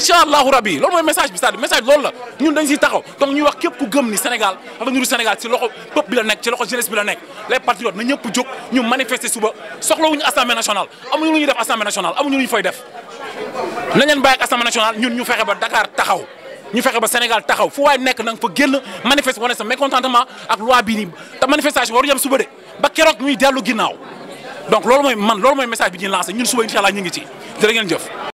incha allahu rabi loolu mooy message bi c'est-à-dire message loolu la ñun dañ siy taxaw donc ñuy wax képp ku gëm ni Sénégal avenir Sénégal ci loxo peuple bi la nekk ci loxo jeunesse bi la nekk les patriotes na ñëpp jóg ñu manifester suba soxlawuñu assemblée nationale def assemblée nationale amuñu lu ñu fay def nañ leen bàyyi assemblée nationale ñun ñu fexe ba Dakar taxaw ñu fexe ba Sénégal taxaw fu waaye nekk na nga fa génn manifester wane sa mécontentement ak loi bii nii te manifestation waru yem ba keroog ñuy dellu ginnaaw donc loolu mooy man loolu mooy bi ñuy lancé ñun suba incha ñu ngi ci jërë ngeen jëf